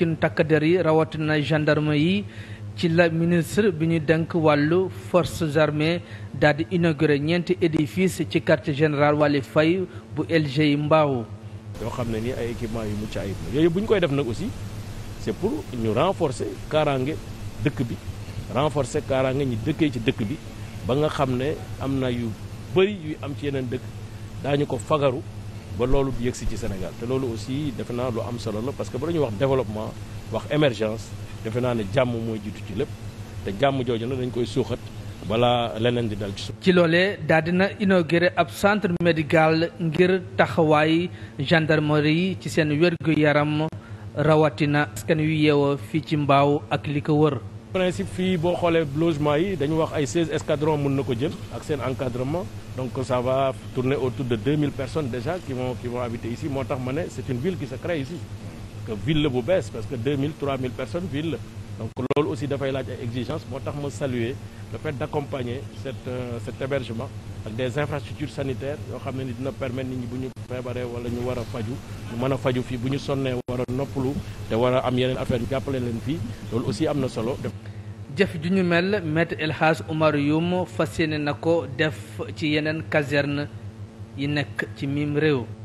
teggin takk der yi rawatina gendarme yi ci la ministre bi ñu denk wàllu forces armées daal di inauguré ñeenti édifice ci quartier général Wali fay bu LG yi Mbao yoo xam ne nii ay équipement yu mucc ayib la yooyu bu ñu koy def nag aussi c'est pour ñu renforce kaaraange dëkk bi renforcer kaaraange ñi dëkkee ci dëkk bi ba nga xam ne am na yu bëri yuy am ci yeneen dëkk daañu ko fagaru ba loolu du yëgsi ci Sénégal te loolu aussi defe naa lu am solo la parce que ba dañuy wax développement wax émergence defe naa ne jàmm mooy jiitu ci lépp te jàmm jooju nag dañ koy suuxat balaa leneen di dal ci ci loolee daal dina inauguré ab centre médical ngir taxawaay gendarmerie ci seen wérgu yaram rawatina askan yu yeewoo fii ci mbaaw ak li ko wër principe fii boo xoolee logement yi dañu wax ay 16 escadrons mën na ko jël ak seen encadrement donc ça va tourner autour de 2000 personnes déjà qui vont qui vont habiter ici moo tax ma ne c'est une ville qui se crée ici que ville la bu bees parce que personnes ville donc loolu aussi dafay laaj ay exigence moo tax ma saluer le fait d'accompagner cet euh, cet hébergement ak des infrastructures sanitaires yoo xam ne ni dina permettre nit ñi bu ñu feebaree wala ñu war a faju ñu mën a faju fii bu ñu sonnee war a noppalu te war am yeneen affaire jàppale leen fii loolu aussi am na solo jëf ju ñu mel maître El Hadj Oumar Youm fas yéene na ko def ci yeneen caserne yi nekk ci miim réew